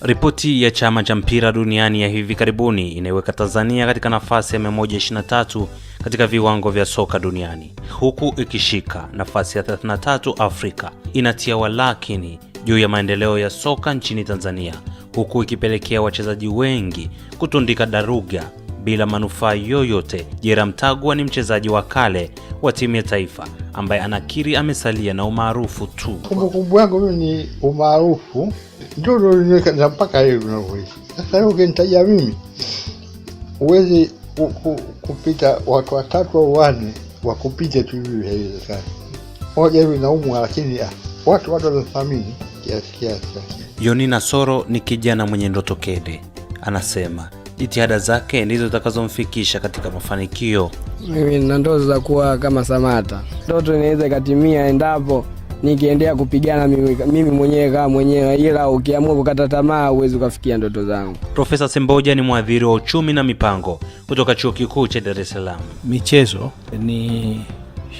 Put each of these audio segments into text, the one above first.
Ripoti ya chama cha mpira duniani ya hivi karibuni inaiweka Tanzania katika nafasi ya 123 katika viwango vya soka duniani huku ikishika nafasi ya 33 Afrika. Inatia walakini juu ya maendeleo ya soka nchini Tanzania huku ikipelekea wachezaji wengi kutundika daruga bila manufaa yoyote. Jera Mtagwa ni mchezaji wa kale wa timu ya taifa ambaye anakiri amesalia na umaarufu tu. Kumbukumbu yangu mimi ni umaarufu ndio uliniweka mpaka hivi tunavyoishi sasa. Hiyo ukinitajia mimi huwezi kupita watu watatu au wanne wakupite tu hivi haiwezekani. Moja hivi naumwa, lakini ah, watu watu wanathamini kiasi kiasi. Yonina Soro ni kijana mwenye ndoto kede, anasema jitihada zake ndizo zitakazomfikisha katika mafanikio. Mimi nina ndoto za kuwa kama Samata. Ndoto inaweza ikatimia endapo nikiendea kupigana mimi, mimi mwenyewe kama mwenyewe, ila ukiamua kukata tamaa huwezi ukafikia ndoto zangu. Profesa Semboja ni mwadhiri wa uchumi na mipango kutoka Chuo Kikuu cha Dar es Salaam. Michezo ni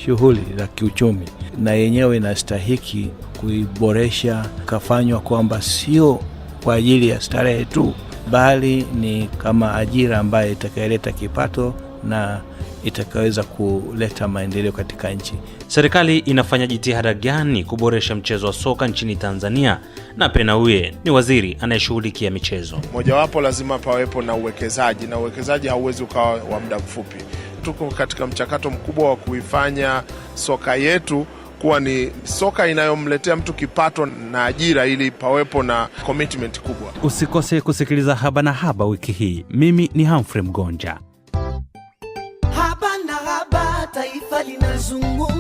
shughuli za kiuchumi na yenyewe inastahiki kuiboresha, kafanywa kwamba sio kwa ajili ya starehe tu bali ni kama ajira ambayo itakayoleta kipato na itakaweza kuleta maendeleo katika nchi. Serikali inafanya jitihada gani kuboresha mchezo wa soka nchini Tanzania? Na Penauye ni waziri anayeshughulikia michezo. Mojawapo, lazima pawepo na uwekezaji, na uwekezaji hauwezi ukawa wa muda mfupi. Tuko katika mchakato mkubwa wa kuifanya soka yetu kuwa ni soka inayomletea mtu kipato na ajira, ili pawepo na commitment kubwa. Usikose kusikiliza Haba na Haba wiki hii. Mimi ni Humphrey Mgonja. Haba na Haba, taifa linazungumza.